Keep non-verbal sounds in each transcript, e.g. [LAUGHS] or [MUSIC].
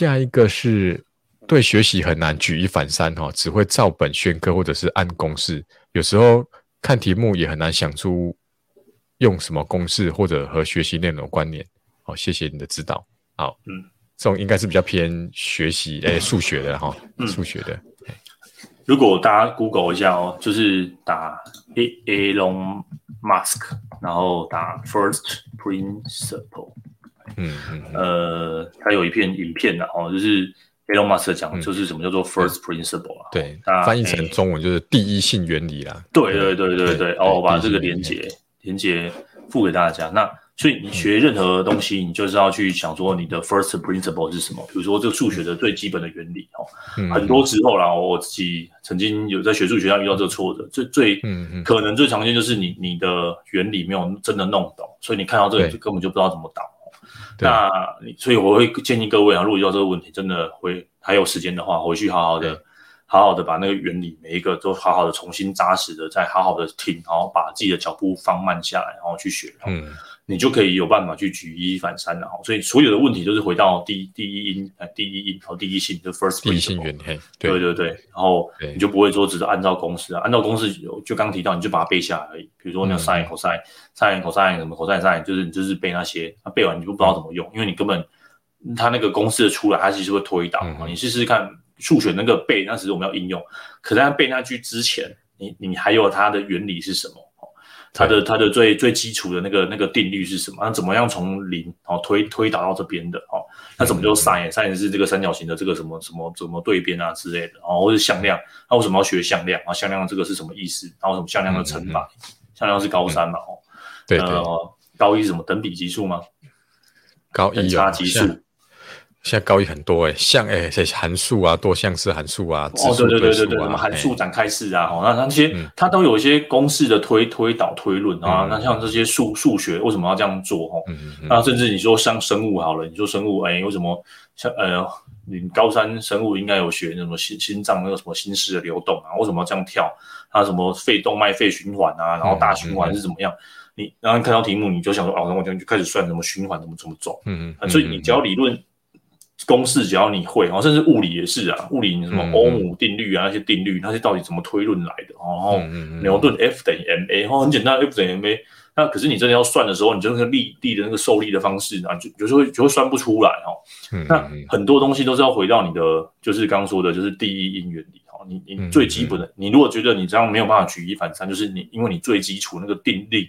下一個是對學習很難舉一反三哈、哦，只會照本宣科或者是按公式，有時候看題目也很難想出用什麼公式或者和學習內容關聯。好、哦，謝謝你的指導。好，嗯，這種應該是比較偏學習誒、哎，數學的哈、哦嗯，數學的。如果大家 Google 一下哦，就是打 A Elon Musk，然後打 First Principle。嗯嗯，呃，他有一篇影片啦，哦，就是 Elon Musk 講，就是什麼叫做 first principle 啊？對，它翻譯成中文就是第一性原理啦。對對對對對，對對對對對哦，我把這個連接連接付給大家。那所以你學任何東西，嗯，你就是要去想說你的 first principle 是什麼？比如說這個數學的最基本的原理哦，嗯嗯，很多時候啦，我自己曾經有在學數學上遇到這個挫折，嗯，最最，嗯嗯、可能最常見就是你你的原理沒有真的弄懂，所以你看到這個就根本就不知道怎麼導。對。那所以我會建議各位啊，如果遇到這個問題，真的會還有時間的話，回去好好的、好好的把那個原理每一個都好好的重新扎實的再好好的聽，然後把自己的腳步放慢下來，然後去學。嗯。你就可以有辦法去舉一,一反三了哈，所以所有的問題都是回到第第一因，第一因，第一性，就 first principle 對對對，然後你就不會說只是按照公式啊，按照公式就剛,剛提到你就把它背下來而已。比如說那，你要 sin cos sin cos sin 什麼 cos sin，就是你就是背那些，那背完你就不知道怎麼用，因為你根本它那個公式的出來，它其實會推導啊、嗯哦。你試試看數學那個背，那其實我們要應用，可在他背那句之前，你你還有它的原理是什麼？它的它的最最基礎的那個那個定律是什麼？那、啊、怎麼樣從零，哦、推推導到這邊的哦？那怎麼就 sin？sin、嗯嗯嗯、是這個三角形的這個什麼什麼怎麼對邊啊之類的，哦，或是向量，那、啊、為什麼要學向量啊？向量這個是什麼意思？然、啊、後什麼向量的乘法？嗯、向量是高三嘛。嗯、哦。對對。高一什麼等比級數嗎？高一、啊、等差級數。現在高一很多哎、欸，像哎，像、欸、函數啊，多項式函數啊，指數對數啊，哦，對對對對對，哎、什麼函數展開式啊，吼，那那些它、嗯、都有一些公式的推推導推論啊，嗯、那像這些數數學為什麼要這樣做吼、啊嗯嗯？那甚至你說像生物好了，你說生物誒有、哎、什麼像呃，你高三生物應該有學什麼心心臟那個什麼心室的流動啊，為什麼要這樣跳？它、啊、什麼肺動脈肺循環啊，然後大循環是怎麼樣？嗯嗯你然後看到題目你就想說哦，那我這樣就開始算什麼循環怎麼怎麼走？嗯嗯，所以你只要理論。嗯公式只要你會，甚至物理也是啊，物理你什麼歐姆定律啊，嗯嗯那些定律那些到底怎麼推論來的？然後嗯嗯嗯牛頓 F 等於 ma，然後很簡單，F 等於 ma，那可是你真的要算的時候，你就是力力的那個受力的方式啊，就有時候就會算不出來哦。嗯嗯嗯那很多東西都是要回到你的，就是剛剛說的，就是第一因原理哦，你你最基本的，你如果覺得你這樣沒有辦法舉一反三，就是你因為你最基礎那個定律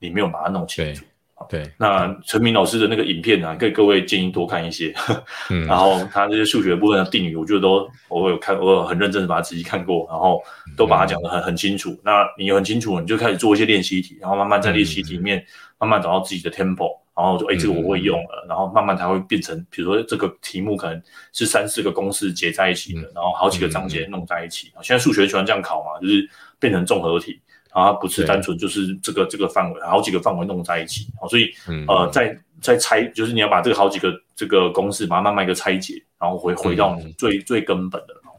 你沒有把它弄清楚。對，那陳明老師的那個影片呢，啊，給各位建議多看一些。 [LAUGHS] 然後他這些數學部分的定理，我覺得都我有看，我有很認真的把它仔細看過，然後都把它講得很很清楚，嗯。那你很清楚，你就開始做一些練習題，然後慢慢在練習題裡面，嗯，慢慢找到自己的 tempo，然後就哎，嗯欸，這個我會用了，嗯，然後慢慢它會變成，比如說這個題目可能是三四個公式結在一起的，嗯，然後好幾個章節弄在一起。嗯嗯，現在數學喜歡這樣考嘛，就是變成綜合題。啊，不是單純就是這個這個範圍，好幾個範圍弄在一起哦，所以、嗯、呃，再再拆，就是你要把這個好幾個這個公式，把它慢慢一個拆解，然後回回到你最最，最根本的哦。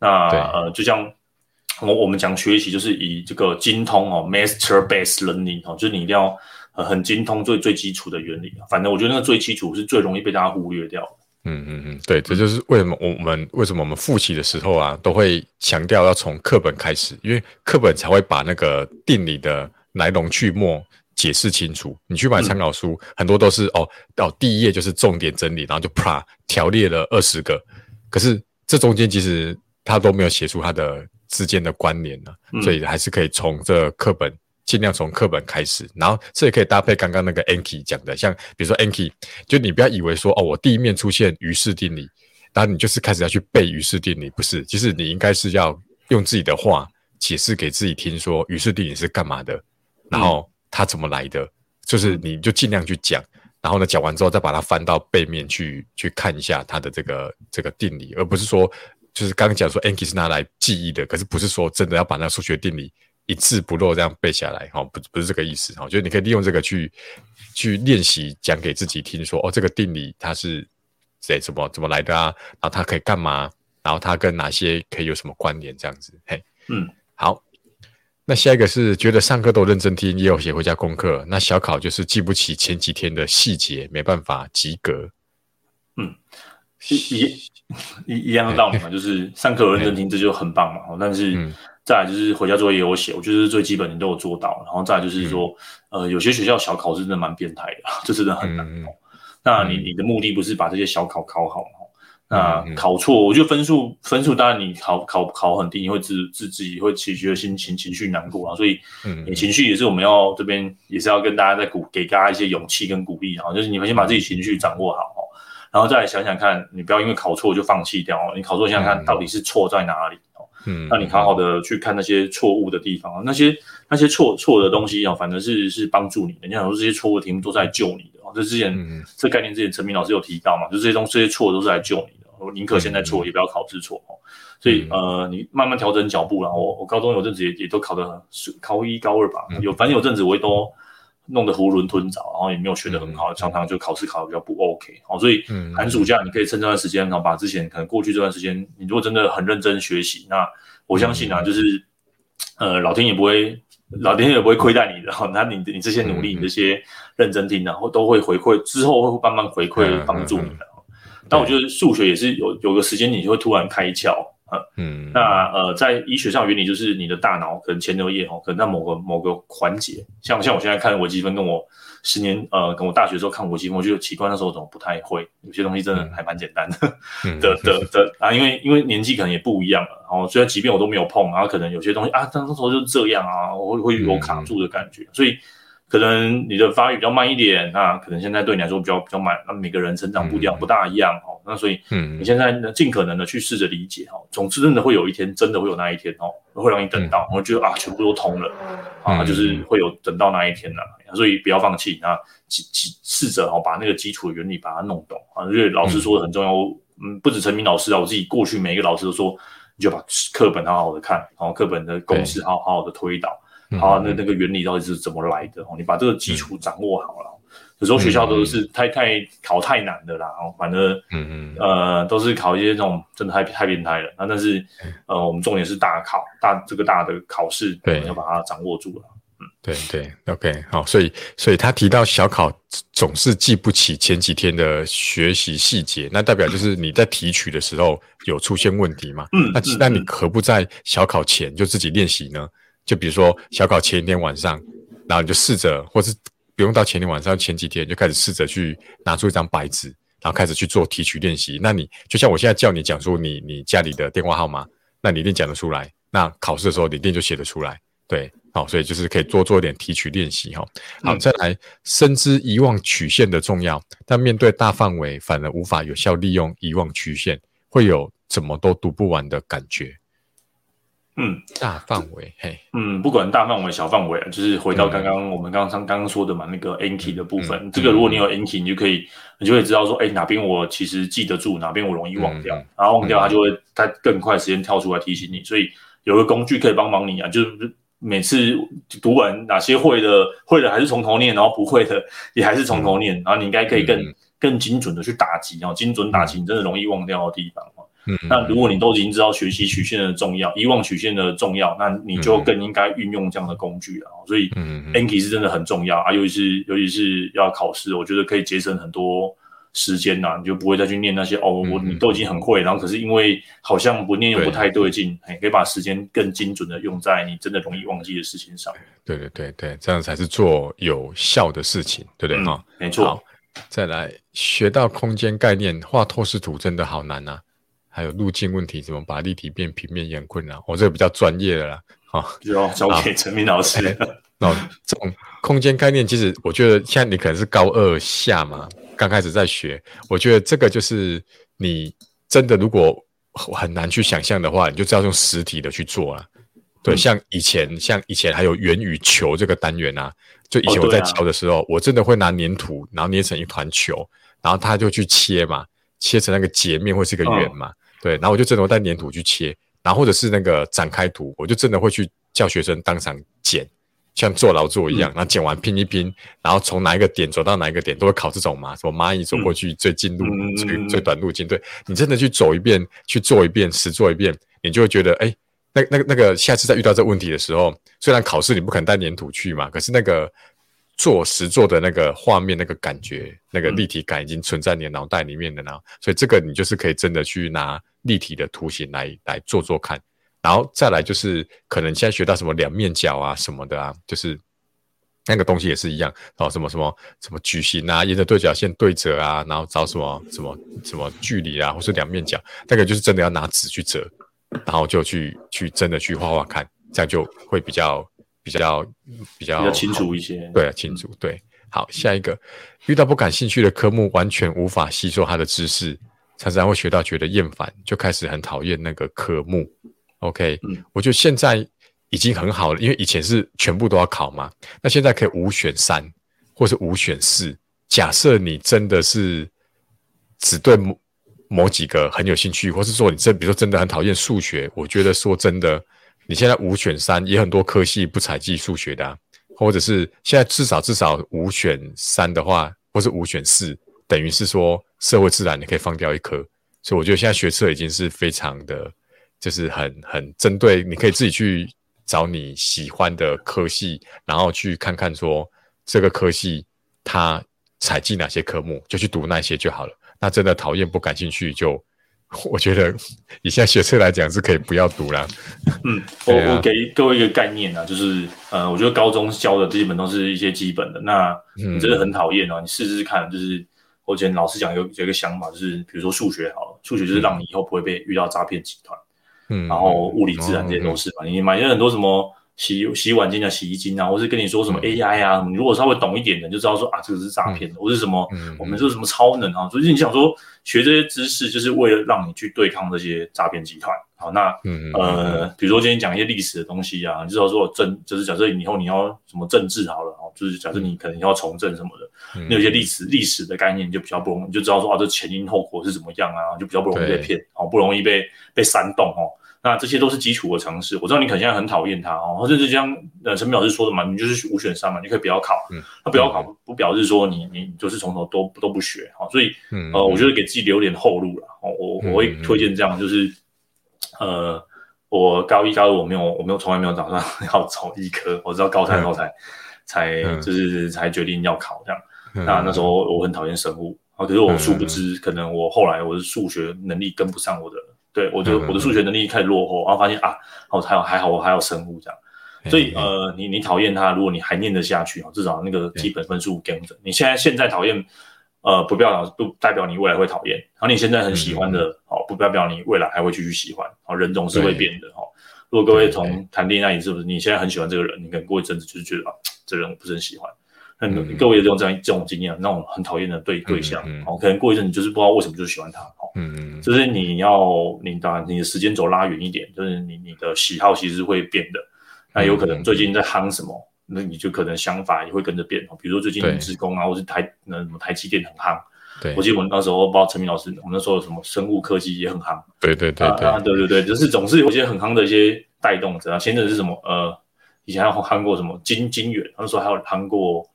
那呃，就像我我們講學習，就是以這個精通哦，Master-based learning 哦，就是你一定要、呃、很精通最最基礎的原理。反正我覺得那個最基礎是最容易被大家忽略掉。嗯嗯嗯，對，這就是為什麼我們、嗯、為什麼我們複習的時候啊，都會強調要從課本開始，因為課本才會把那個定理的來龍去脈解釋清楚。你去買參考書、嗯，很多都是哦，哦，第一頁就是重點整理，然後就啪條列了二十個，可是這中間其實他都沒有寫出他的之間的關聯呢、啊，所以還是可以從這課本。盡量從課本開始，然後這也可以搭配剛剛那個 Anki 講的，像比如說 Anki 就你不要以為說哦，我第一面出現餘式定理，那你就是開始要去背餘式定理，不是，其實你應該是要用自己的話解釋給自己聽，說餘式定理是幹嘛的，然後它怎麼來的、嗯，就是你就盡量去講，然後呢，講完之後再把它翻到背面去去看一下它的這個這個定理，而不是說就是剛剛講說 Anki 是拿來記憶的，可是不是說真的要把那數學定理。一字不漏這樣背下來，哈，不不是這個意思，哈，就是你可以利用這個去去練習講給自己聽說，說哦，這個定理它是誰怎麼怎麼來的啊？然後它可以幹嘛？然後它跟哪些可以有什麼關聯？這樣子，嘿，嗯，好。那下一個是覺得上課都認真聽，也有寫回家功課，那小考就是記不起前幾天的細節，沒辦法及格。嗯，一一一樣的道理嘛， [LAUGHS] 就是上課認真聽，這就很棒嘛，哦、嗯，但是。嗯再來就是回家作業我寫，我覺得是最基本你都有做到。然後再來就是說、嗯，呃，有些學校小考是真的蠻變態的，這真的很難。嗯、哦、那你、嗯、你的目的不是把這些小考考好、嗯、嗯、那考錯，我覺得分數分數當然你考考考很低，你會自自自己會起覺得心情情緒難過啊、哦。所以你情緒也是我們要這邊也是要跟大家在鼓，給大家一些勇氣跟鼓勵啊、哦。就是你們先把自己情緒掌握好，嗯、嗯、然後再來想想看你不要因為考錯就放棄掉。你考錯想想、嗯、看到底是錯在哪裡。嗯，讓你好好的去看那些錯誤的地方那些那些錯錯的東西啊，反正是是幫助你的。你想說這些錯誤的題目都是來救你的啊、哦？這之前、嗯、這概念之前陳明老師有提到嘛？就這些東西這些錯都是來救你的，我寧可現在錯，也不要考試錯哦。嗯、所以、嗯、呃，你慢慢調整腳步啦。我我高中有陣子也也都考的很，考一高二吧，有反正有陣子我也都。弄得囫圇吞棗，然後也沒有學得很好，嗯、常常就考試考得比較不 OK、嗯、哦。所以寒暑假你可以趁這段時間，然後把之前可能過去這段時間，你如果真的很認真學習，那我相信啊，嗯、就是呃老天也不會、嗯、老天也不會虧待你的。那你你這些努力、嗯，你這些認真聽，然後都會回饋，之後會慢慢回饋幫助你的、嗯嗯。但我覺得數學也是有有個時間，你就會突然開竅。嗯，那呃，在醫學上原理就是你的大腦可能前額葉哦，可能在某個某個環節，像像我現在看微積分，跟我十年呃，跟我大學的時候看微積分，我覺得奇怪，那時候怎麼不太會？有些東西真的還蠻簡單的，的的的啊，因為因為年紀可能也不一樣了，然後雖然即便我都沒有碰，然、啊、後可能有些東西啊，當時候就這樣啊，我會會有卡住的感覺，嗯、所以可能你的發育比較慢一點，那、啊、可能現在對你來說比較比較慢，那、啊、每個人成長步調不大一樣。嗯嗯那所以，嗯，你現在呢，盡可能的去試着理解哈，總之真的會有一天，真的會有那一天哦，會讓你等到，我覺得啊，全部都通了，嗯，啊，就是會有等到那一天了，所以不要放棄，那基試着哦，把那個基礎的原理把它弄懂啊，因為老師說的很重要，嗯，嗯不止陳明老師啊，我自己過去每一個老師都說，你就把課本好好的看，然後課本的公式好好好的推導，欸嗯，啊，那那個原理到底是怎麼來的哦，你把這個基礎掌握好了。嗯嗯有時候學校都是太、嗯、太，太考太難的啦，哦、嗯，反正嗯嗯呃，都是考一些那種真的太太變態了啊。但是、嗯、呃，我們重點是大考大這個大的考試，對、嗯，要把它掌握住了。嗯，對對，OK，好、哦，所以所以他提到小考總是記不起前幾天的學習細節，那代表就是你在提取的時候有出現問題嘛？嗯，那嗯那你何不在小考前就自己練習呢？就比如說小考前一天晚上，然後你就試着或是。不用到前天晚上，前幾天就開始試着去拿出一張白紙，然後開始去做提取練習。那你就像我現在叫你講述你你家裡的電話號碼，那你一定講得出來。那考試的時候，你一定就寫得出來。對，好，所以就是可以多做做一點提取練習哈。好，再來，深知遺忘曲線的重要，但面對大範圍，反而無法有效利用遺忘曲線，會有怎麼都讀不完的感覺。嗯，大範圍嘿，嗯，不管大範圍小範圍、啊、就是回到剛剛我們剛剛剛剛說的嘛，嗯、那個 Anki 的部分、嗯嗯嗯，這個如果你有 Anki，你就可以，你就會知道說，哎、欸，哪邊我其實記得住，哪邊我容易忘掉、嗯，然後忘掉它就會在更快的時間跳出來提醒你，嗯、所以有個工具可以幫忙你啊，就是每次讀完哪些會的會的還是從頭念，然後不會的也還是從頭念、嗯，然後你應該可以更、嗯、更精準的去打擊然後精準打擊你真的容易忘掉的地方、啊嗯，嗯，嗯，那如果你都已經知道學習曲線的重要、遺、嗯、忘、嗯、曲線的重要，那你就更應該運用這樣的工具了。嗯嗯，所以，Anki 是真的很重要啊！尤其是尤其是要考試，我覺得可以節省很多時間吶、啊，你就不會再去念那些哦，我你都已經很會、嗯嗯，然後可是因為好像不念又不太對勁，哎，可以把時間更精準的用在你真的容易忘記的事情上。對對對對，這樣才是做有效的事情，對不對、嗯哦？沒錯。好再來，學到空間概念，畫透視圖真的好難啊！還有路徑問題，怎麼把立體變平面也很困難。我、哦、這個比較專業的啦，好、啊，交給陳明老師。那、啊欸 [LAUGHS] no, 這種空間概念，其實我覺得像你可能是高二下嘛，剛開始在學。我覺得這個就是你真的如果很難去想象的話，你就知道用實體的去做了。對、嗯，像以前，像以前還有圓與球這個單元啊，就以前我在教的時候、哦啊，我真的會拿黏土，然後捏成一團球，然後它就去切嘛，切成那個截面會是一個圓嘛。哦對，然後我就真的會帶粘土去切，然後或者是那個展開圖，我就真的會去叫學生當場剪，像做勞作一樣，然後剪完拼一拼，然後從哪一個點走到哪一個點，都會考這種嘛，什麼螞蟻走過去最近路、嗯、最最短路徑，對，你真的去走一遍，去做一遍，實做一遍，你就會覺得，誒那那，那個那個，下次再遇到這問題的時候，雖然考試你不肯帶粘土去嘛，可是那個。做實做的那個畫面、那個感覺、那個立體感已經存在你的腦袋裡面的呢，然後所以這個你就是可以真的去拿立體的圖形來來做做看，然後再來就是可能現在學到什麼兩面角啊什麼的啊，就是那個東西也是一樣，然後什麼什麼什麼矩形啊，沿着對角線對折啊，然後找什麼什麼什麼距離啊，或是兩面角，那個就是真的要拿紙去折，然後就去去真的去畫畫看，這樣就會比較。比較比較，比較清楚一些，對啊，清楚，嗯，對。好，下一個，遇到不感興趣的科目，完全無法吸收他的知識，常常會學到覺得厭煩，就開始很討厭那個科目。OK，嗯，我覺得現在已經很好了，因為以前是全部都要考嘛，那現在可以五選三，或是五選四。假設你真的是只對某，某幾個很有興趣，或是說你真，比如說真的很討厭數學，我覺得說真的。你現在五選三，也很多科系不採計數學的啊，或者是現在至少至少五選三的話，或是五選四，等於是說社會自然你可以放掉一科，所以我覺得現在學測已經是非常的，就是很很針對，你可以自己去找你喜歡的科系，然後去看看說這個科系它採計哪些科目，就去讀那些就好了。那真的討厭不感興趣就。我覺得以現在學測來講是可以不要讀了。嗯，我我給各位一個概念啊，就是呃，我覺得高中教的基本都是一些基本的。那你真的很討厭啊，嗯、你試試看，就是我以前老師講有有一個想法，就是比如說數學好了，數學就是讓你以後不會被遇到詐騙集團。嗯，然後物理、自然這些東西吧，嗯嗯嗯嗯，你買了很多什麼。洗洗碗精啊，洗衣精啊，或是跟你說什麼 AI 啊，嗯、你如果稍微懂一點的你就知道說啊，這個是詐騙的，或、嗯、是什麼，嗯、我們說什麼超能啊，所、嗯、以、嗯就是、你想說學這些知識就是為了讓你去對抗這些詐騙集團好，那、嗯、呃、嗯，比如說今天講一些歷史的東西啊，你就知道說有政，就是假設以後你要什麼政治好了哦，就是假設你可能要從政什麼的，那、嗯、有些歷史歷史的概念就比較不容易，你就知道說啊，這前因後果是怎麼樣啊，就比較不容易被騙，哦，不容易被被煽動哦。那這些都是基礎的常識，我知道你可能現在很討厭它哦，或者是像呃陳老師說的嘛，你就是五選三嘛，你可以不要考，嗯嗯、他不要考不表示說你、嗯嗯、你，你就是從頭都都不學啊、哦，所以呃我覺得給自己留點後路了、嗯嗯，我我會推薦這樣，就是呃我高一高二我沒有我沒有從來沒有打算要從醫科，我直到高三後才、嗯、才，才就是、嗯、才決定要考這樣，那那時候我很討厭生物啊、哦，可是我殊不知、嗯嗯嗯、可能我後來我的數學能力跟不上我的。對，我的我的數學能力開始落後，嗯嗯嗯，然後發現啊，哦，還好還好，我還有生物這樣，所以嗯嗯呃，你你討厭他，如果你還念得下去，至少那個基本分數 get、嗯嗯、你現在現在討厭，呃，不代表不代表你未來會討厭，然後你現在很喜歡的嗯嗯嗯，哦，不代表你未來還會繼續喜歡。哦，人總是會變的哦。如果各位從談戀愛，你是不是你現在很喜歡這個人，你可能過一陣子就是覺得啊，這個人我不是很喜歡。那、嗯、各位也有這種這樣這種經驗，那種很討厭的對對象、嗯嗯，哦，可能過一陣你就是不知道為什麼就喜歡他，哦，嗯嗯，就是你要你當然你的時間軸拉遠一點，就是你你的喜好其實會變的，那有可能最近在夯什麼，嗯嗯、那你就可能想法也會跟着變，哦，比如說最近職工啊，或是台那什麼台積電很夯，對，我記得我們那時候，包括陳明老師，我們那時候有什麼生物科技也很夯，對對對、啊、對、對、對，啊、對、對、對就是總是有一些很夯的一些帶動者啊，現在是什麼呃，以前還有夯過什麼晶晶圓那時候還有夯過。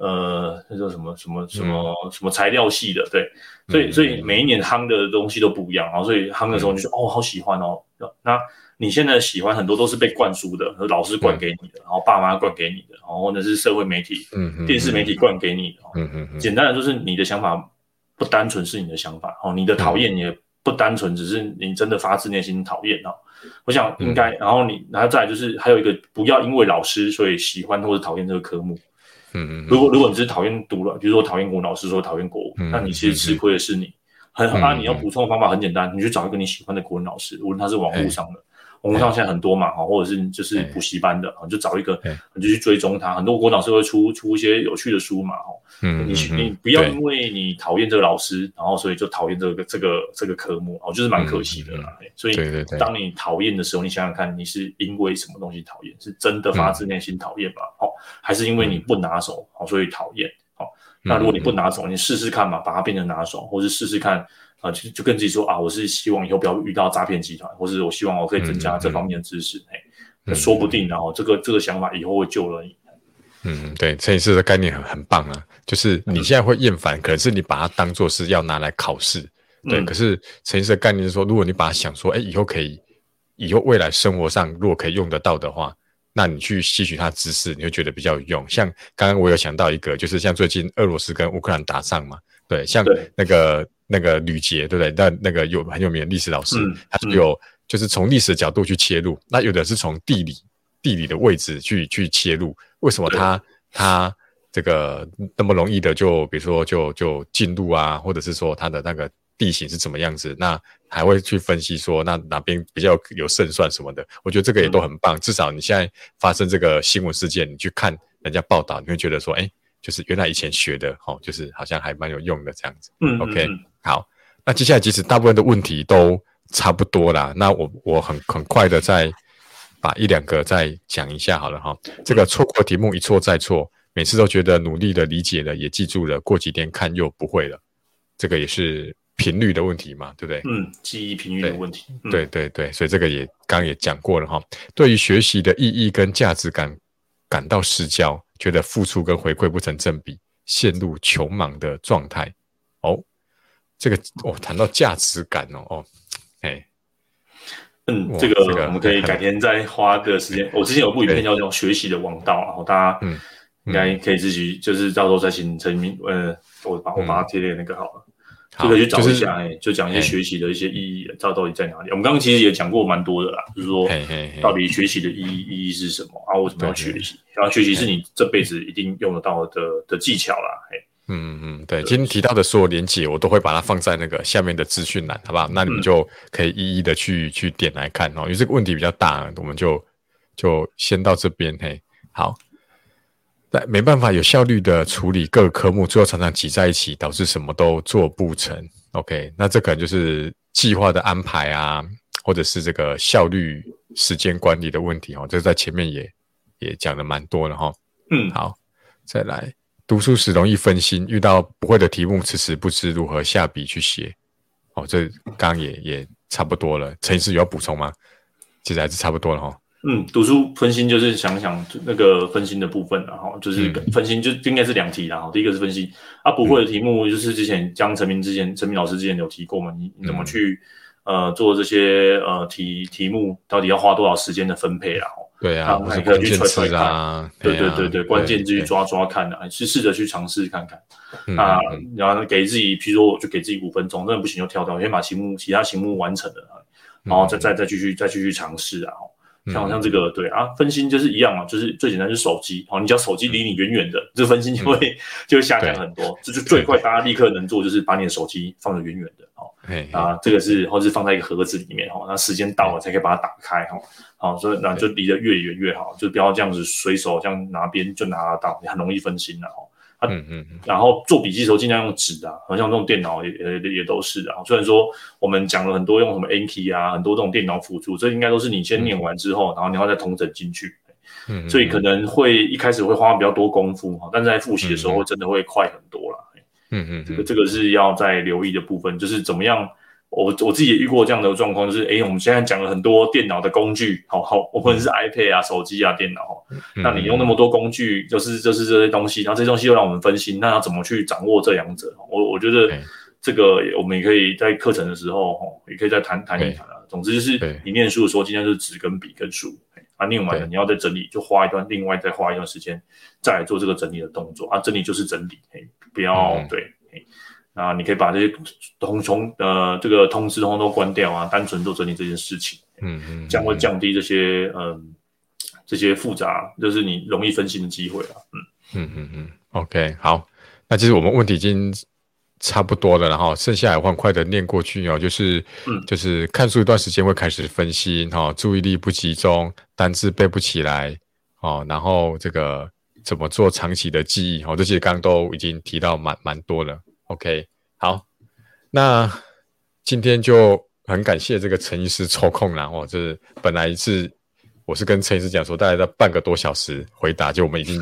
呃，那、就、叫、是、什麼什麼什麼、嗯、什麼材料系的，對，嗯、所以所以每一年夯的東西都不一樣，然後所以夯的時候你就、嗯、哦，好喜歡哦。那你現在喜歡很多都是被灌輸的，老師灌給你的，然後爸媽灌給你的，然、嗯、後或者是社會媒體、嗯嗯、電視媒體灌給你的、嗯嗯嗯。簡單的就是你的想法不單純是你的想法，哦，你的討厭也不單純、嗯，只是你真的發自內心討厭哦。我想應該、嗯，然後你然後再來就是還有一個，不要因為老師所以喜歡或者討厭這個科目。嗯嗯，如果如果你只是討厭讀了，比如說討厭國文老師說討厭國文、嗯，那你其實吃虧的是你。很、嗯、那 [LAUGHS] 你要補充的方法很簡單、嗯，你去找一個你喜歡的國文老師，無論他是網絡上的。網絡上現在很多嘛，哈，或者是就是補習班的，啊、欸，就找一個、欸，你就去追蹤他。很多國導是會出出一些有趣的書嘛，哈、嗯，你、嗯、你不要因為你討厭這個老師，然後所以就討厭這個這個這個科目，就是蠻可惜的啦。嗯欸、所以，當你討厭的時候，對對對，你想想看，你是因為什麼東西討厭？是真的發自內心討厭吧？好、嗯哦，還是因為你不拿手，好、嗯，所以討厭？好、哦，那如果你不拿手，嗯、你試試看嘛，把它變成拿手，或者試試看。啊，其實就跟自己說啊，我是希望以後不要遇到詐騙集團，或是我希望我可以增加這方面的知識，那、嗯嗯欸、說不定然後這個這個想法以後會救了你。嗯，對，陳醫師的概念很很棒啊，就是你現在會厭煩，嗯、可是你把它當做是要拿來考試，對，嗯、可是陳醫師的概念是說，如果你把它想說，哎，以後可以，以後未來生活上如果可以用得到的話，那你去吸取它知識，你會覺得比較有用。像剛剛我有想到一個，就是像最近俄羅斯跟烏克蘭打仗嘛，對，像那個。那個呂捷，對不對？那那個有很有名的歷史老師，嗯、是他是有就是從歷史的角度去切入。那有的是從地理、地理的位置去去切入。為什麼他、嗯、他這個那麼容易的就比如說就就進入啊，或者是說他的那個地形是怎麼樣子？那還會去分析說，那哪邊比較有勝算什麼的？我覺得這個也都很棒。嗯、至少你現在發生這個新聞事件，你去看人家報道，你會覺得說，哎、欸。就是原來以前學的齁，就是好像還蠻有用的這樣子。嗯，嗯，嗯，OK，好。那接下來其實大部分的問題都差不多啦。那我我很很快的再把一兩個再講一下好了齁。這個錯過的題目一錯再錯，每次都覺得努力的理解了也記住了，過幾天看又不會了。這個也是頻率的問題嘛，對不對？嗯，記憶頻率的問題，對，嗯。對對對，所以這個也剛剛也講過了齁。對於學習的意義跟價值感感到失焦，覺得付出跟回饋不成正比，陷入窮忙的狀態。哦，這個我談、哦、到價值感哦哦，哎、欸，嗯，這個我們可以改天再花個時間、這個。我間、欸哦、之前有部影片叫做學習的王道，然、欸、後大家嗯，應該可以自己就是到時候再請陳明呃，我把我把它貼在那個好了。嗯嗯就這個就講，一下，就講、是欸、一些學習的一些意義，它到底在哪裡？我們剛剛其實也講過蠻多的啦，就是說，嘿嘿嘿到底學習的意義意義是什麼啊？為什麼要學習？然後學習是你這輩子一定用得到的嘿嘿的技巧啦，欸、嗯嗯嗯，對，今天提到的所有連結，我都會把它放在那個下面的資訊欄，好不好？那你們就可以一一的去、嗯、去點來看哦。因為這個問題比較大，我們就就先到這邊，嘿，好。但沒辦法有效率的處理各個科目，最後常常擠在一起，導致什麼都做不成。OK，那這可能就是計劃的安排啊，或者是這個效率時間管理的問題哦。這在前面也也講的蠻多的哈、哦。嗯，好，再來，讀書時容易分心，遇到不會的題目，遲遲不知如何下筆去寫。哦，這剛剛也也差不多了。陳醫師有要補充嗎？其實還是差不多了哈、哦。嗯，讀書分心就是想想那個分心的部分，然後就是分心就應該是兩題然後哈、嗯。第一個是分析啊，不會的題目就是之前江成明之前，成、嗯、明老師之前有提過嘛？你你怎麼去、嗯、呃做這些呃題題目，到底要花多少時間的分配啊？對啊，啊啊還可以去揣揣看對、啊。對對對對，對啊、關鍵就去抓抓看的、啊，是試着去嘗試看看，啊看，看、嗯。啊，然後給自己，譬如說我就給自己五分鐘，那不行就跳掉、嗯，先把題目其他題目完成了，嗯、然後再、嗯、再繼再繼續再繼續嘗試啊。像好像這個、嗯、對啊，分心就是一樣嘛，就是最簡單就是手機。好，你只要手機離你遠遠的、嗯，這分心就會、嗯、就會下降很多。這就最快大家立刻能做，就是把你的手機放得遠遠的哦、喔。啊，這個是或者是放在一個盒子裡面哈，那、喔、時間到了才可以把它打開哈。好、喔，所以那就離得越遠越好，就不要這樣子隨手這樣拿邊就拿得到，你很容易分心的哦。喔嗯、啊、嗯，然後做筆記的時候儘量用紙啊，好像這種電腦也也也都是啊。雖然說我們講了很多用什麼 Anki 啊，很多這種電腦輔助，這應該都是你先念完之後，嗯、然後你要再統整進去、嗯嗯。所以可能會一開始會花比較多功夫哈，但是在複習的時候會真的會快很多啦。嗯嗯，嗯，嗯，這個這個是要再留意的部分，就是怎麼樣。我我自己也遇過這樣的狀況，就是哎、欸，我們現在講了很多電腦的工具，好，好，我們是 iPad 啊、手機啊、電腦、嗯，那你用那麼多工具，就是就是這些東西，然後這些東西又讓我們分心，那要怎麼去掌握這兩者？我我覺得這個我們也可以在課程的時候，也可以再談談一談啊。總之就是你念書的時候、哎、說今天就是紙跟筆跟書，哎、啊，念完了你要再整理，就花一段另外再花一段時間，再來做這個整理的動作啊。整理就是整理，哎、不要、嗯、對，哎啊，你可以把這些通通呃這個通知通通都關掉啊，單純做整理這件事情，嗯嗯，將、嗯、會降低這些嗯、呃、這些複雜，就是你容易分心的機會啊，嗯嗯嗯嗯，OK，好，那其實我們問題已經差不多了，然後剩下也很快的念過去哦、喔，就是、嗯、就是看書一段時間會開始分心哈、喔，注意力不集中，單字背不起來哦、喔，然後這個怎麼做長期的記憶哈、喔，這些剛剛都已經提到蠻蠻多了。OK，好，那今天就很感謝這個陳醫師抽空啦。哦。就是本來是我是跟陳醫師講說，大概在半個多小時回答，就我們已經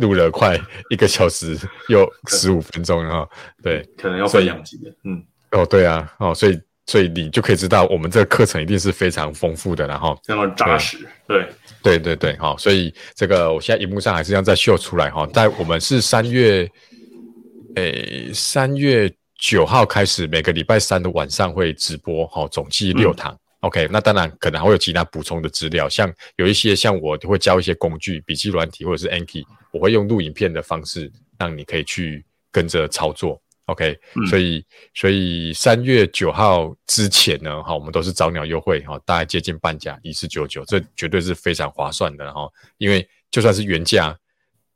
錄了快一個小時又十五分鐘，然 [LAUGHS] 對，可能要分兩集的嗯，哦，對啊，哦，所以所以你就可以知道，我們這個課程一定是非常豐富的，然後那麼紮實，對，對對對、哦，所以這個我現在熒幕上還是要再秀出來哈，在、哦、我們是三月。誒、欸，三月九號開始，每個禮拜三的晚上會直播，哈，總計六堂、嗯。OK，那當然可能還會有其他補充的資料，像有一些像我會教一些工具、筆記軟體或者是 Anki，我會用錄影片的方式，讓你可以去跟着操作。OK，、嗯、所以所以三月九號之前呢，哈，我們都是早鳥優惠，哈，大概接近半價，一四九九，這絕對是非常划算的哈。因為就算是原價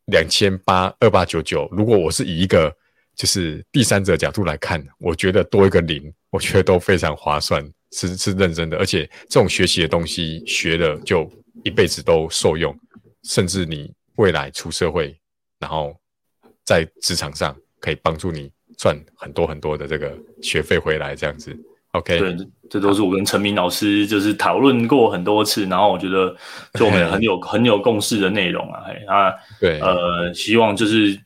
兩千八二八九九，如果我是以一個就是第三者角度來看，我覺得多一個零，我覺得都非常划算，是是認真的。而且這種學習的東西學了就一輩子都受用，甚至你未來出社會，然後在職場上可以幫助你賺很多很多的這個學費回來，這樣子。OK，對，這都是我跟陳明老師就是討論過很多次，然後我覺得就很很有 [LAUGHS] 很有共識的內容啊。啊、欸，對，呃，希望就是。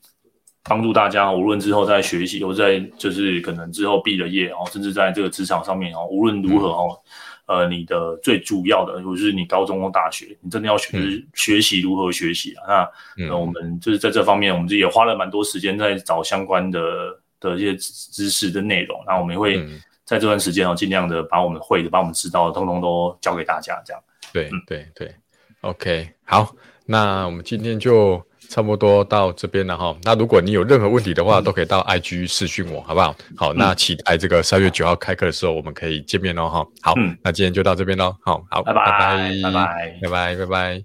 幫助大家，無論之後在學習，或者在就是可能之後畢了業哦，甚至在這個職場上面哦，無論如何哦、嗯，呃，你的最主要的，就是你高中或大學，你真的要學學習如何學習啊？嗯、那、呃、我們就是在這方面，我們自己也花了蠻多時間在找相關的的一些知識的內容，那我們也會在這段時間哦，盡、嗯、量的把我們會的，把我們知道的，通通都教給大家，這樣。對，對對、嗯、，OK，好，那我們今天就。差不多到這邊了哈，那如果你有任何問題的話，嗯、都可以到 IG 私訊我，好不好？好，嗯、那期待這個三月九號開課的時候，我們可以見面嘍，哈。好、嗯，那今天就到這邊嘍，好好，拜拜，拜拜，拜拜，拜拜。拜拜。